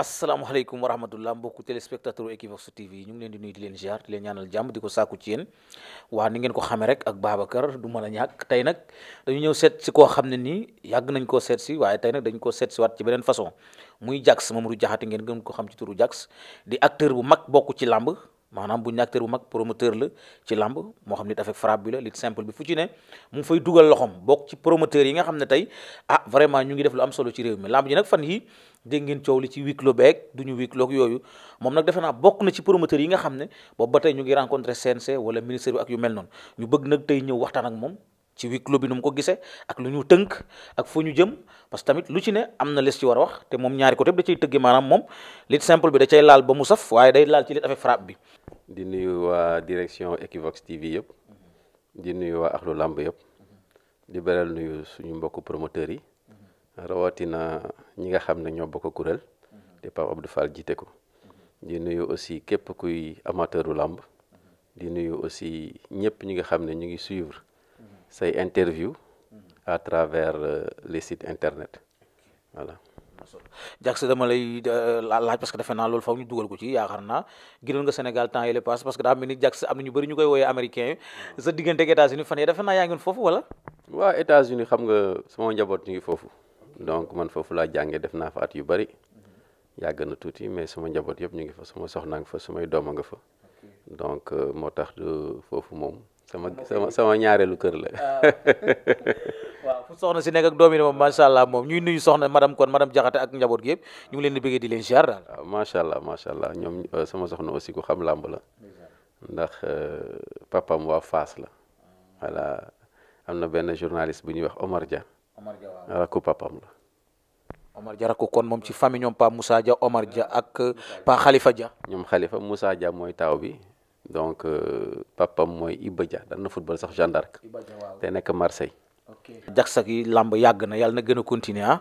asalaamaaleykum wa rahmatullah mbokku téléspectateur Equivox TV ñu ngi leen di nuyu di leen ziar di leen ñaanal jàmm di ko sàkku ci yéen waa ni ngeen ko xame rek ak Babacar du man a ñàkk tey nag dañu ñëw seet si koo xam ne nii yàgg nañ ko seet si waaye tey nag dañ ko seet si waat ci beneen façon muy Jax Mamadou jaxati ngeen gën ko xam ci turu Jax di acteur bu mag bokk ci làmb maanaam bu ñu acteur bu mag promoteur la ci lamb moo xam nit avec frappe bi la lit simple bi fu ci ne mu fay dugal loxom bokk ci promoteur yi nga xam ne tey ah vraiment ñu ngi def lu am solo ci réew mi lamb ji nag fan yi dégg ngeen coow li ci huis clos beeg du ñu huis clos yooyu moom nag defe bokk na ci promoteur yi nga xam ne boobu ba tey ñu ngi rencontré CNC wala ministère bi ak yu mel noonu ñu bëgg nag tey ñëw waxtaan ak moom ci huis clos bi nu mu ko gisee ak lu ñu tënk ak fu ñu jëm parce que tamit lu ci ne am na les ci war a wax te moom ñaari côté bi da cay tëggi maanaam moom lit simple bi da cay laal ba mu saf waaye day laal ci lit avec frappe bi. di nuyu waa direction Equivox TV yëpp di nuyu waa Akhlu Lamb yëpp di beral nuyu suñu mbokku promoteurs yi rawatina ñi nga xam ne ñoo bokk kuréel te Pape jiite ko di nuyu aussi képp kuy amateuru làmb di nuyu aussi ñëpp ñi nga xam ne ñu ngi suivre. say interview à travers euh, les sites internet voilà. Jax dama lay euh, laaj parce que defe naa loolu faw ñu dugal ko ci yaakaar naa gënoon nga Sénégal temps yële passe parce que daa mel ni Jax am na ñu bëri ñu koy woowee américain yi mm. sa diggante ak États-Unis fan yii defe naa yaa ngi foofu wala. waa États-Unis xam nga sama njaboot ñu ngi foofu donc man foofu laa jàngee def naa fa at yu bëri mm-hmm. yàgg na tuuti mais sama njaboot yëpp ñu ngi fa sama soxnaa nga fa samay doom nga fa euh, sama sama sama ñaareelu kër la. fu soxna si nekk ak doom yi moom macha allah moom ñuy nuyu soxna madame kon madame Diakhaté ak njaboot gi ñu ngi leen di bëggee di leen ziar daal. waaw allah macha allah ñoom euh, sama soxna aussi ko xam làmb la ndax euh, papam waa Fass la voilà am na benn journaliste bu ñuy wax Omar ja Omar Dia waaw rakku papam la. Omar Dia rakku kon moom ci famille ñoom Pa Moussa Dia Omar Dia ak Pa xalifa Dia. ñoom xalifa Moussa Dia mooy taaw bi. donc euh, papam mooy Iba Dia na football sax Jeanne d'Arc te nekk Marseille. jaxsak yi làmb yàgg na yàlla na gën a continuer ah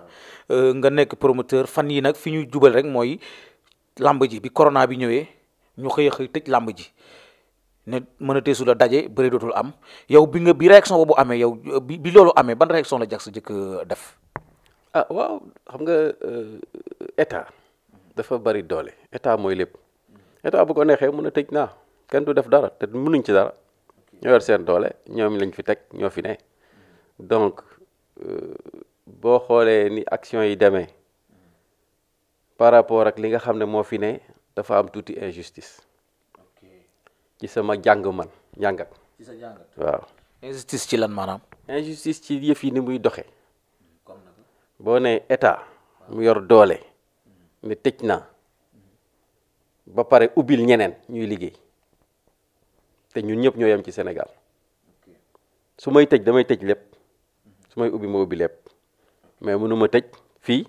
euh, nga nekk promoteur fan yi nag fi ñuy jubal rek mooy làmb ji bi corona bi ñëwee ñu xëy xëy tëj làmb ji ne mën a teesu la daje bëri dootul am yow bi nga bi réaction bu amee yow euh, bi bi loolu amee ban réaction la jaxsa jëkk def ah waaw xam nga état dafa bëri doole état mooy lépp mm. état bu ko neexee mën a tëj naa kenn du def dara te mënuñ ci dara ñoo yor seen doole ñoom lañ fi teg ñoo fi ne donc euh, boo xoolee ni action yi demee par rapport ak li nga xam ne moo fi ne dafa am tuuti injustice ci sama njàng man njàngat jàngat waaw injustice ci lan maanaam injustice ci yëf yi ni muy doxe boo ne état mu yor doole hmm. ne tëj naa ba pare ubbil ñeneen ñuy liggéey te ñun ñëpp ñoo yem ci Sénégal su may tëj damay tëj lépp su may ubbi ma ubbi lépp mais mënuma tëj fii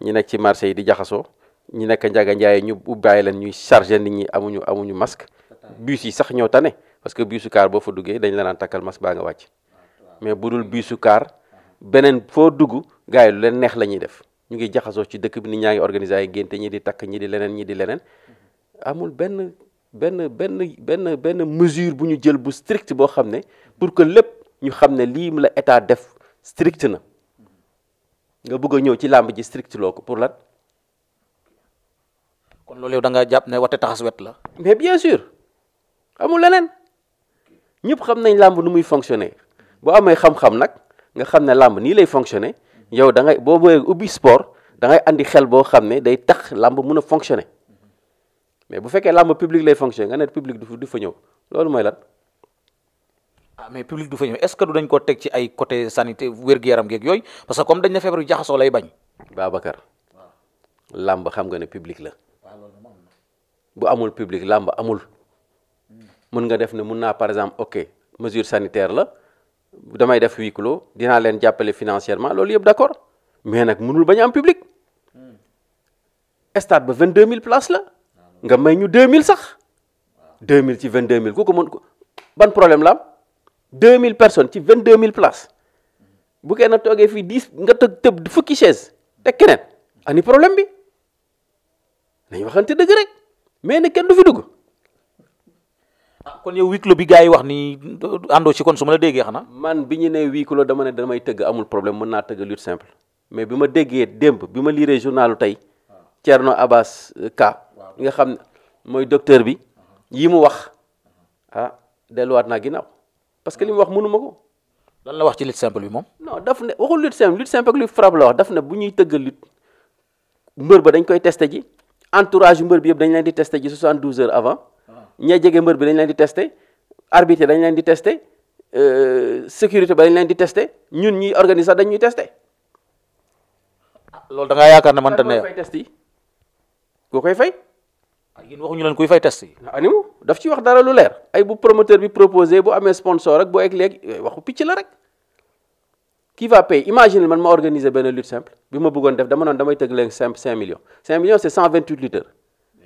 ñu nekk ci marché yi di jaxasoo ñu nekk njaga njaay ñu bàyyi leen ñuy chargé nit ñi amuñu amuñu masque bus yi sax ñoo tane parce que busu car boo fa duggee dañ la naan takkal masque baa ngi wàcc mais bu dul busu car beneen foo dugg gars yi lu leen neex la ñuy def ñu ngi jaxasoo ci dëkk bi nit ñaa ngi organisé yi ngénte ñi di takk ñi di leneen ñi di leneen amul benn benn benn benn benn mesure bu ñu jël bu strict boo xam ne pour que lépp ñu xam ne lii mu la état def strict na nga bugg a ñëw ci làmb ji strict loo ko pour lan. kon loolu yow da nga jàpp ne wate taxas wet la. mais bien sûr amul leneen ñëpp xam nañ làmb nu muy fonctionner boo amee xam-xam nag nga xam ne làmb nii lay fonctionner yow da ngay boo booyee ubbi sport da ngay andi xel boo xam ne day tax làmb mun a fonctionner. mais bu fekkee làmb public lay fonctionné nga ne public du fa ñëw loolu mooy lan. ah mais public du fa ñëw est que du dañ koo teg ci ay côté sanité wér-gu-yaram geeg yooyu parce que comme dañ ne feebar yu jaxasoo lay bañ. Babacar làmb xam nga ne public la bu amul public lamb amul hmm. mën nga def ne mun naa par exemple ok mesure sanitaire la damay def huis clos dinaa leen jàppale financièrement loolu yëpp d'accord mais nag munul bañ am public hmm. stade ba 22000 places la. nga may ñu 2000 sax 2000 ci vingt mil ku ko mën ko ban problème la am 2000 personnes ci vingt 22000 places bu kenn toogee fii 10 nga tëb tëb fukki chaise teg keneen ani problème bi nañu waxante dëgg rek mais ne kenn du fi dugg. Ah, kon yow huis clos bi gars yi wax ni àndoo ci kon su ma la déggee xanaa. man bi ñu nee huis clos dama ne damay tëgg amul problème mën naa tëgg lutte simple mais bi ma déggee démb bi ma liiree journalu tey ah. Thierno Abbas euh, Ka. mi nga xam ne mooy docteur bi yi mu wax ah delluwaat naa ginnaaw parce que li mu wax mënuma ko. lan la wax ci lutte simple bi moom. non daf ne waxul lutte simple lutte simple ak lutte frappe la wax daf ne bu ñuy tëggal lutte mbër ba dañ koy testé ji entourage mbër bi dañ leen di testé ji 72 heures avant ña jege mbër bi dañ leen di testé arbitre dañ leen di testé euh, sécurité ba dañ leen di testé ñun ñuy organiser dañ ñuy testé. Ah, loolu da ngaa yaakaar ne mënta ne. koy testé koy fay. Ah, yéen waxuñu leen kuy fay test ah, animu daf ci wax dara lu leer ay bu promoteur bi proposé bu amee sponsor rek bu egg léegi waxu picc la rek. qui va payer imagine man ma organiser benn lutte simple bi ma buggoon def dama noon damay tëgg leen simple 5 millions 5 millions c' est 128 lutteurs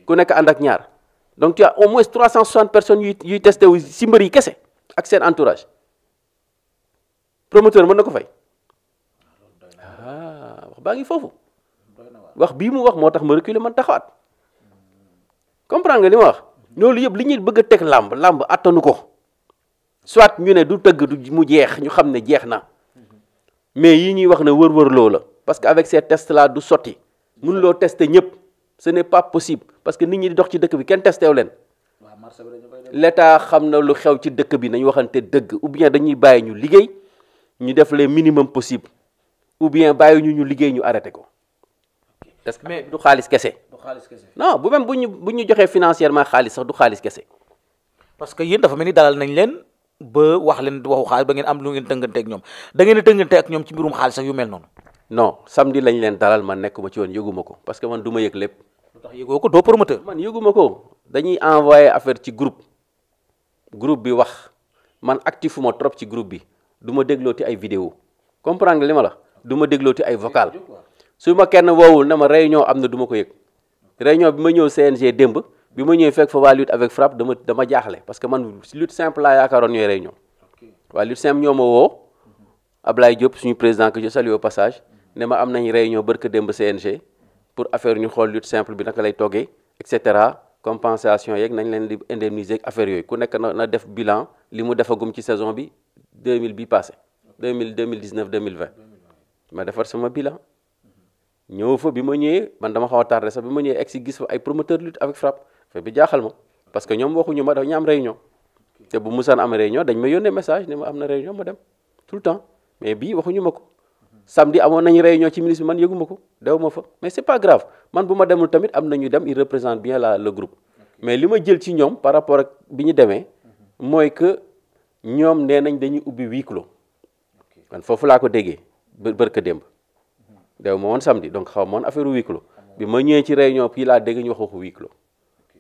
ku nekk ànd ak ñaar donc tu as au moins 360 personnes yuy yuy testé wu si mbër yi kese ak seen entourage promoteur mën na ko fay. ah wax baa ngi foofu. bii mu wax moo tax ma reculer man taxawaat. comprendre nga li ma wax loolu yëpp li ñuy bëgg a teg làmb làmb attanu ko soit ñu ne du tëgg du mu jeex ñu xam ne jeex na mais yi ñuy wax ne wër-wër la parce que avec ces tests là du sotti mun loo teste ñëpp ce n'est pas possible parce que nit ñi di dox ci dëkk bi kenn testew leen l'état xam na lu xew ci dëkk bi nañu waxante dëgg ou bien dañuy bàyyi ñu liggéey ñu def le minimum possible ou bien bàyyi ñu ñu liggéey ñu arrêté ko parce que mais du xaalis kese xaalis kese. non bu même bu ñu bu ñu joxee financièrement xaalis sax du xaalis kese. parce que yéen dafa mel ni dalal nañ leen ba wax leen waxu xaalis ba ngeen am lu ngeen tëngante ak ñoom da ngeen a tëngante ak ñoom ci mbirum xaalis ak yu mel noonu. non samedi lañ leen dalal ma nekkuma ci woon yëguma ko parce que man du ma yëg lépp. lu tax yëgoo ko doo promoteur. man yëguma ko dañuy envoyé affaire ci groupe groupe bi wax man actifu ma trop ci groupe bi du ma déglooti ay vidéo comprendre li ma la du ma déglooti ay vocal su ma kenn woowul na ma réunion am na du ko yëg. réunion bi ma ñëw CNG démb bi ma ñëw fekk fa waa lutte avec frappe dama dama jaaxle parce que man si lut simple laa yaakaaroon ñooy réunion waa lutte simple ñoo ma woo Ablaye Diop suñu président que je salue passage ne ma am nañ réunion barka démb CNG pour affaire ñu xool lut simple bi naka lay toggee et cetera compensation yeeg nañ leen di indemniser ak affaire yooyu ku nekk na na def bilan li mu defagum ci saison bi 2000 bi passé 2000 2019 2020 ma defar sama bilan. ñëw fa bi ma ñëwee man dama xaw a sax bi ma ñëwee egg si gis fa ay promoteur lutte avec frappe fa bi jaaxal ma parce que ñoom waxuñu ma dafa ñu am réunion te bu musaan am réunion dañ ma yónnee message ne ma am na réunion ma dem tout le temps mais bii waxuñu ma ko samedi amoon nañu réunion ci ministre man yëguma ko dew ma fa mais c'est pas grave man bu ma demul tamit am na dem il représente bien la le groupe mais li ma jël ci ñoom par rapport ak bi ñu demee mhm. mooy que ñoom nee nañ dañuy ubbi huis clos man foofu laa ko déggee bërka démb dew ma woon samedi donc xaw ma woon affaire bi ma ñëwee ci réunion bi laa dégg ñu wax waxu huis clos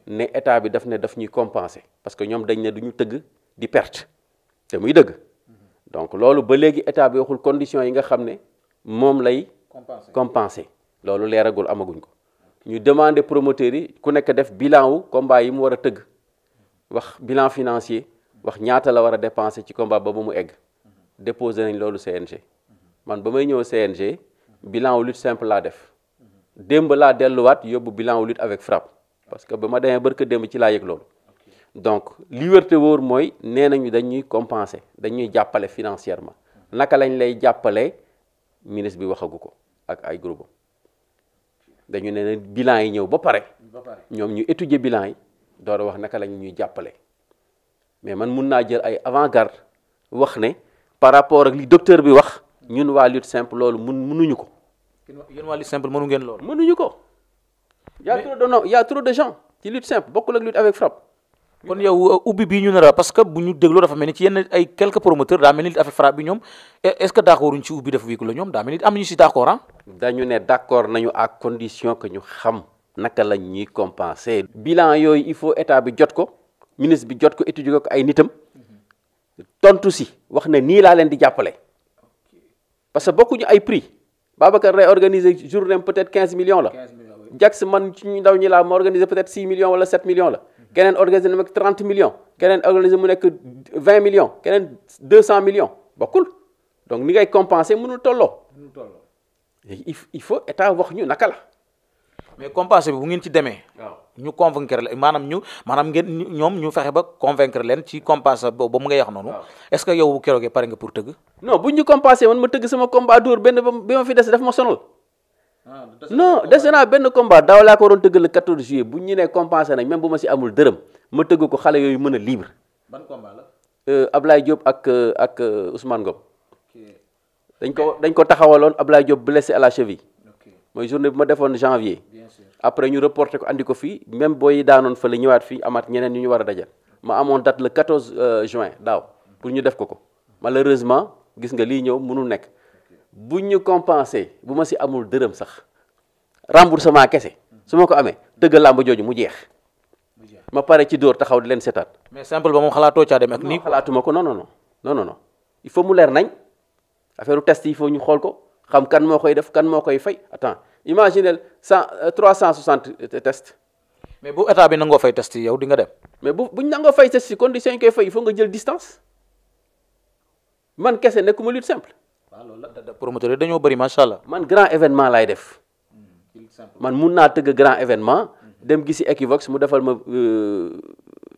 ne état bi daf ne daf ñuy compenser parce que ñoom dañ ne du ñu tëgg di perte te muy dëgg donc loolu ba léegi état bi waxul conditions yi nga xam ne moom lay compenser loolu leeragul amaguñ ko ñu demander promoteurs yi ku nekk def bilan wu combat yi mu war a tëgg wax bilan financier wax ñaata la war a dépenser ci combat ba mu egg déposé nañ loolu CNG man ba may ñëw CNG bilan wu lutte simple laa def démb laa delluwaat yóbbu bilan wu lutte avec frappe parce que ba ma demee barka démb ci laa yëg loolu donc li woor mooy nee nañu dañuy compenser dañuy jàppale financièrement naka lañ lay jàppale ministre bi waxagu ko ak ay groupe dañu ne ne bilan yi ñëw ba pare ñoom ñu étudier bilan yi door a wax naka lañ ñuy jàppale mais man mun naa jël ay avant-garde wax ne par rapport ak li docteur bi wax ñun waa lutte simple loolu mun munuñu ko yéen waa lutte simple mënu ngeen lool. mënuñu ko. y' a trop de non y' a trop de gens ci lutte simple bokkul ak lutte avec frappe. kon yow euh, ubbi bi ñu nar a parce que bu ñu dégloo dafa mel ni ci yenn ay quelques promoteurs daa mel ni affaire frappe bi ñoom est ce que d' accord ci ubbi dafa wékku la ñoom daa mel ni am nañu si d' accord ah. dañu ne d' accord nañu à condition que ñu xam naka la ñuy compenser. bilan yooyu il faut état bi jot ko ministre bi jot ko étudier ko ay nitam mhm. tontu si wax na nii laa leen di jàppale parce que bokkuñu ay prix Babacar day organiser journée peut-être 15 millions la. 15 man ci ndaw ñi laa ma organiser peut-être 6 millions wala 7 millions la. Mhm. keneen organiser mu nekk 30 millions. keneen organiser mu nekk 20 millions keneen 200 millions bokkul donc ni ngay compenser mënul tolloo. mënul il faut état wax ñu naka la. mais compassion bi bu ngeen ci demee. ñu convaincre leen maanaam ñu maanaam ngeen ñoom ñu fexe ba convaincre leen ci compassion boobu mu ngay wax noonu. est-ce que yow bu keroogee pare nga pour tëgg. non buñ ñu compasser man ma tëgg sama combat dóor benn bi ma fi des daf ma sonal. Ah, non dese naa benn combat daaw laa ko waroon tëgg le 14 juillet buñ ñu nee compensé nañ même bu ma si amul dërëm ma tëgg ko xale yooyu mën a libre. ban combat la. Euh, Ablaye Diop ak euh, ak euh, Ousmane Ngom. dañ ko dañ ko taxawaloon Ablaye Diop blessé à la cheville. mooy journée bi ma defoon janvier après ñu reporté ko andi ko fii même booy daanoon fa la ñëwaat fii amaat ñeneen ñu ñu war a dajal ma amoon date le 14 euh, juin daaw pour ñu def ko ko malheureusement gis nga lii ñëw mënul nekk bu ñu compensé bu ma si amul dërëm sax remboursement kese su ma ko amee tëgg làmb jooju mu jeex ma pare ci dóor taxaw di leen seetaat. mais simple ba moom xalaatoo caa dem nii xalaatuma ko non non non non non il mu leer nañ affaire test yi il ñu xool ko. xam kan moo koy def kan moo koy fay attends imaginez cent euh, trois cent soixante tests. mais bu état bi nangoo fay test yi yow di nga dem. mais bu buñ nangoo fay test yi condition yi koy fay il faut nga jël distance man kese nekkuma lutte simple. waaw loolu la promoteur yi dañoo bëri macha allah. man grand événement laay def man mun naa tëgg grand événement dem gisi Equivox mu defal ma euh,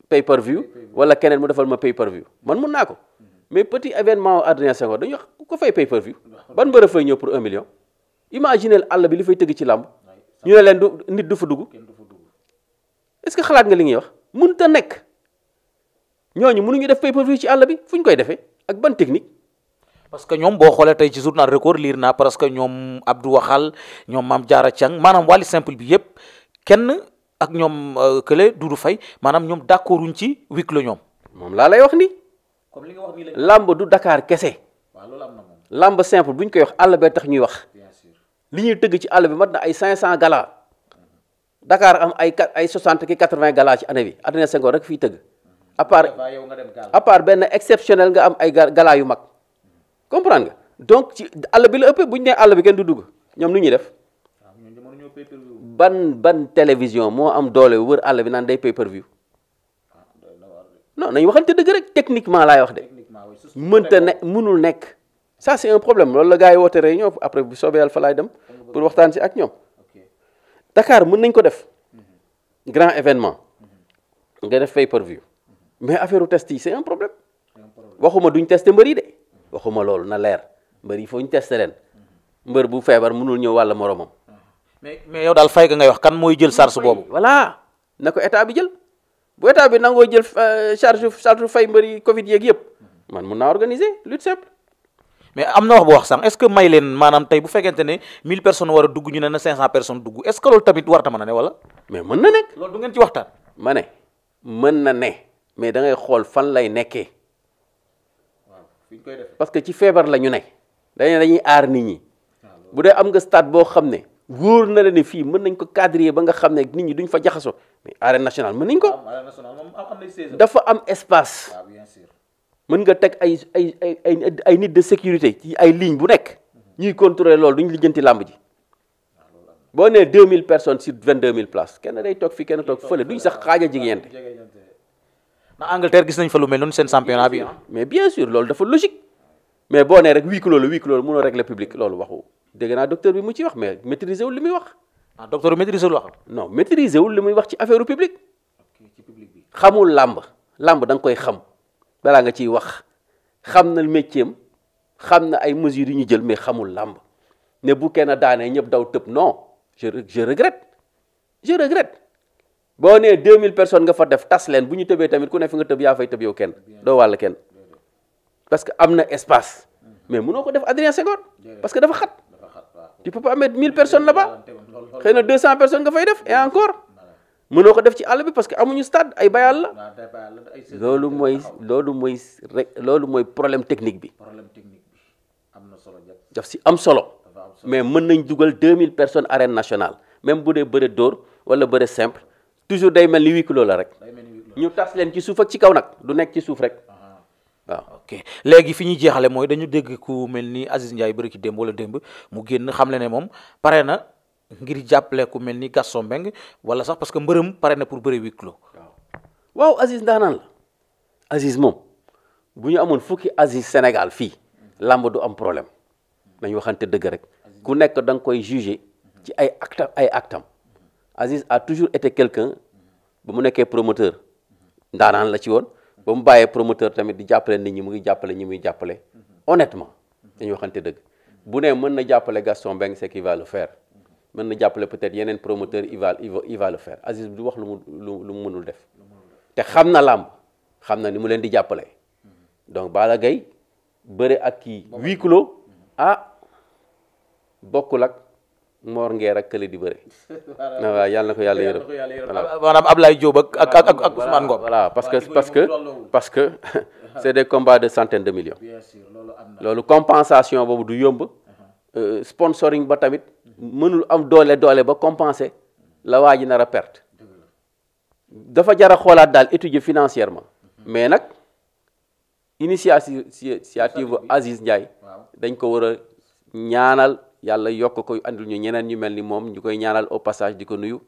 pay per view wala keneen mu defal ma pay per view man mun naa ko. mais petit événement Adrien Senghor dañu ko fay pay per view ban mbër a ñëw pour un million imaginez àll bi li fay tëgg ci làmb ñu ne leen du nit du fa dugg est-ce que xalaat nga li ngay wax mun ta nekk ñooñu mënuñu def pay per ci àll bi fu ñu koy defee ak ban technique parce que ñoom boo xoolee tey ci journal record liir naa parce que ñoom Abdou Waxal ñoom Mame Diarra can maanaam wàlli simple bi yëpp kenn ak ñoom euh, Kële Doudou Faye maanaam ñoom d'accorduñ ci huis clos ñoom moom laa lay wax ni comme li nga wax làmb du dakaar kese. waaw loolu am na moom làmb simple bu ñu koy wax àll bee tax ñuy wax. li ñuy tëgg ci àll bi mat na ay cent gala. Mhm. dakaar am ay ay 60 ki 80 gala ci année bi Adrien Senghor rek fi tëgg. Mhm. à part à part benn exceptionnel nga am ay gala yu mag. Mhm. comprendre nga donc ci àll bi la ëppee bu ñu nee àll bi kenn du dugg ñoom lu ñuy def. ban ban télévision moo am doole wër àll bi naan day pay per view non nañu waxante dëgg rek techniquement laay wax de. mënta ne mënul nekk. ça c'est un problème loolu la gars yi woote réunion après bu soobee yàlla fa laay dem pour waxtaan si ak ñoom. Dakar mën nañ ko def. Mhm. grand événement. Mhm. nga def fay per view. Mhm. mais affaire test yi c'est un problème. waxuma duñ teste mbëri de. waxuma loolu na leer mbër yi foo ñu testé leen. mbër bu feebar mënul ñëw wàlla moromam. mais mais yow daal fay ga ngay wax kan mooy jël charge boobu. voilà na bu état bi nangoo jël euh, charge charge fay mbëri Covid yeeg yëpp man mu naa organiser lutte simple. mais am na wax bu wax sànq est-ce que may leen maanaam tey bu fekkente ne 1000 personnes war a dugg ñu ne na 500 personnes dugg est-ce que loolu tamit war na a ne wala. mais mën na nekk. loolu du ngeen ci mën na ne mais da ngay xool fan lay nekke waaw parce que ci feebar la ñu ne. dañuy dañuy aar nit ñi. Ah, bu dee am nga stade boo xam ne. wóor na la ne fii mën nañ ko cadrer ba nga xam ne nit ñi duñ fa jaxasoo mais arène nationale mën nañ ko. Ah, dafa am espace. Ah, mën nga teg ay ay ay ay nit de sécurité ci ay ligne bu nekk. Mhm. ñuy contrôler lool duñ lijjanti làmb ji. Ah, boo nee 2000 personnes sur 22000 places kenn day toog fii kenn toog fële duñ sax xaaja jigéente. na Angleterre gis nañ fa lu mel noonu seen championnat bi. mais bien sûr loolu dafa logique. mais boo nee rek huis clos la huis clos la mënoo régler public loolu waxu. dégg naa docteur bi mu ci wax mais maîtriser wul li muy wax. ah docteur bi maîtriser wul wax. non muy wax ci affaire publique. ci public xamul làmb. làmb da nga koy xam balaa nga ciy wax xam na métier am xam na ay mesures yu ñu jël mais xamul làmb ne bu kenn daanee ñëpp daw tëb non je je regrette je regrette. boo nee 2000 personnes nga fa def tas leen bu ñu tëbee tamit ku ne fi nga tëb yaa fay tëb yow kenn doo wàll kenn parce que am na espace mm. mais mënoo ko def Adrien Senghor parce que dafa xat. tu peux pas mettre 1000 personnes là-bas xëy na 200 personnes nga fay def et encore mënoo ko def ci àll bi parce que amuñu stade ay bayal la loolu mooy loolu mooy rek loolu mooy problème technique bi daf si am solo mais mën nañ dugal mille personnes arène nationale même bu dee bëre dóor wala bëre simple toujours day mel ni huis clos la rek ñu tas leen ci suuf ak ci kaw nag du nekk ci suuf rek. Ah. waaw ok léegi fi ñuy jeexale mooy dañu dégg ku mel ni Aziz Ndiaye bëri ci démb wala démb mu génn xam le ne moom pare na ngir jàppale ku mel ni Gaston Mbengue wala sax parce que mbërëm pare na pour bëri huis clos waaw Aziz ndaanaan la Aziz moom bu ñu amoon fukki Aziz Sénégal fii làmb du am problème nañ waxante dëgg rek ku nekk da nga koy jugé ci ay actam ay actam Aziz a toujours été quelqu'un ba mu nekkee promoteur ndaanaan la ci woon ba mu bàyyee promoteur tamit di jàppale nit ñi mu ngi jàppale ñi muy jàppale honnêtement dañu waxante dëgg bu ne mën na jàppale Gaston Mbengue c'est qu'il va le faire mën na jàppale peut-être yeneen promoteur il va il va le faire Aziz du wax lu mu lu mu mënul def te xam na làmb xam na ni mu leen di jàppale donc Balla Gaye bëre ak kii huis clos ah bokkul ak Mor Ngeer ak kële di bëre. Ah, waaw yàlla na ko yàlla yërëm voilà maanaam parce que parce que parce que est des combats de centaines de millions. bien sûr loolu compensation boobu du yomb. Uh-huh. Euh, sponsoring ba tamit mënul am doole doole ba compenser la waa ji perte. dafa jara xoolaat daal étudier financièrement. Uh-huh. mais nag initiative initiative Aziz Ndiaye. dañ ko war ñaanal. yàlla yokk ko andil ñu ñeneen ñu mel ni moom ñu koy ñaanal au passage di ko nuyu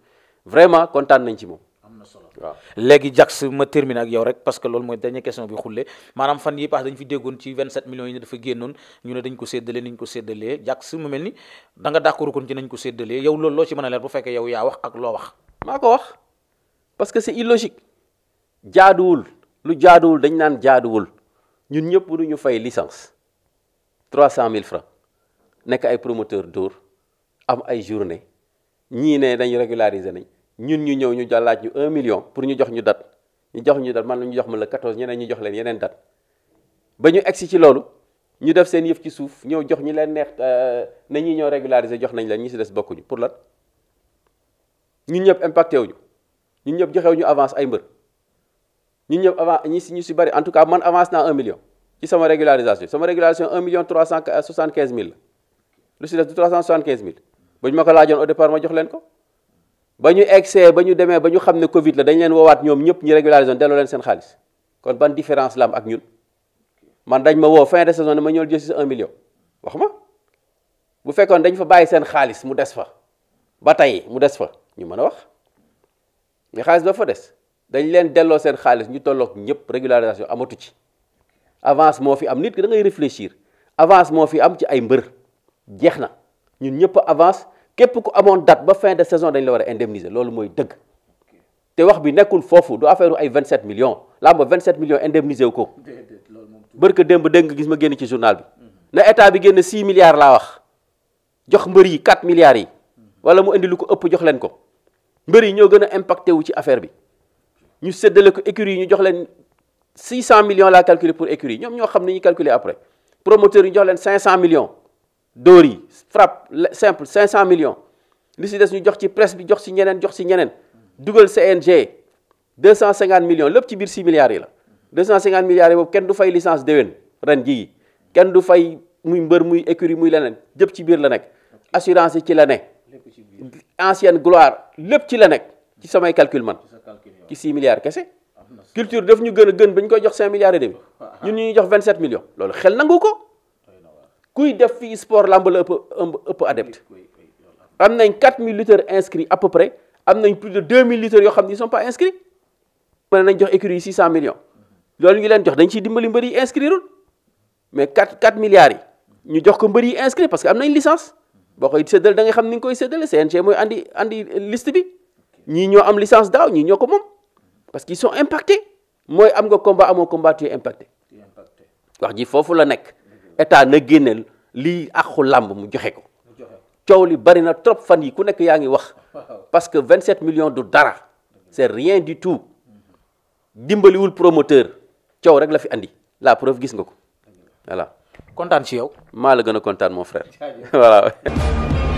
vraiment kontaan nañ ci moom. am na solo waaw léegi Jax ma termine ak yow rek parce que loolu mooy dernière question bi xulle maanaam fan yi paas dañu fi déggoon ci 27 millions yi ne dafa génnoon ñu ne dañ ko séddalee ni ñu ko séddalee Jax mu mel ni da nga d'accord kon ci nañ ko séddalee yow loolu loo ci mën a leer bu fekkee yow yaa wax ak loo wax. maa ko wax parce que c'est illogique jaaduwul lu jaaduwul dañ naan jaaduwul ñun ñëpp ñu fay licence 300000 francs nekk ay promoteur dóor am ay journée ñii ne nañu régulariser nañ ñun ñu ñëw ñu jàllaaj ñu un million pour ñu jox ñu date ñu jox ñu date man ñu jox ma la 14 ñeneen ñu jox leen yeneen date ba ñu egsi ci loolu ñu def seen yëf ci suuf ñëw jox ñi leen neex euh, na ñi ñoo régulariser jox nañ leen ñu si des bokkuñu pour lan ñun ñëpp impacté wuñu ñun ñëpp joxewuñu avance ay mbër ñun ñëpp avance ñi si ñu si bëri en tout cas man avance naa un million ci sama régularisation sama régularisation un million trois cent mille la lu si des du 375000 ba ñu ma ko laajoon au départ ma jox leen ko ba ñu egsee ba ñu demee ba ñu xam ne Covid la dañ leen woowaat ñoom ñëpp ñu régulariser delloo leen seen xaalis kon ban différence la am ak ñun man dañ ma woo fin de saison ne ma ñëw jël si 1 million wax ma bu fekkoon dañ fa bàyyi seen xaalis mu des fa ba tey mu des fa ñu mën a wax mais xaalis ba fa des dañ leen delloo seen xaalis ñu tollook ñëpp régularisation amatu ci avance moo fi am nit ki da ngay réfléchir am ci ay mbër. jeex na ñun ñëpp avance képp ku amoon date ba fin de saison dañu la war a indemniser loolu mooy dëgg te wax bi nekkul foofu du affaire ay 27 millions làmb 27 millions indemnisé wu ko bërka démb dégg nga gis ma génn ci journal bi na état bi génn 6 milliards laa wax jox mbër yi 4 milliards yi wala mu indi ko ëpp jox leen ko mbër yi ñoo gën a impacté wu ci affaire bi ñu séddale yi ñu jox leen 600 millions laa calculer pour écurie yi ñoom ñoo xam ni ñuy après promoteur ñu jox leen 500 millions. dóor yi frappe simple 500 million li si des ñu jox ci presse bi jox si ñeneen jox si ñeneen dugal CNG 250 millions lépp ci biir 6 milliards yi la. 250 milliards yi boobu kenn du fay licence déwén ren jii kenn du fay muy mbër muy écurie muy leneen jëp ci biir la nekk assurance yi ci la nekk. ancienne gloire lép ci la nekk ci samay calcul man ci 6 milliards kese. Ah, culture daf ñu gën a gën ba ñu koy jox 5 milliards et demi ñun ñu ñuy jox 27 millions loolu xel nangu ko. kuy def fii sport lamb la ëpp ëpp adepte am nañ 4000 lutteurs inscrits à peu près am nañ plus de 2000 lutteurs yoo xam ne ils sont pas inscrits mën nañ jox écurie yi 600 millions loolu ñu leen jox dañ ciy dimbali mbër yi inscrireul mais 4 4 milliards yi ñu jox ko mbër yi inscrits parce que am nañ licence boo koy séddale da nga xam ni nga koy séddale CNG mooy andi andi liste bi ñii ñoo am licence daaw ñii ñoo ko moom parce qu'ils sont impacte mooy am nga combat amoo combat tu es ji foofu la nekk. état na génneel lii àqu làmb mu joxe ko coow li bari na trop fan yi ku nekk yaa ngi wax parce que 27 millions du dara c'est rien du tout dimbaliwul promoteur coow rek la fi andi la preuve gis nga ko voilà. kontaan si yow. maa la gën a kontaan mon frère voilà.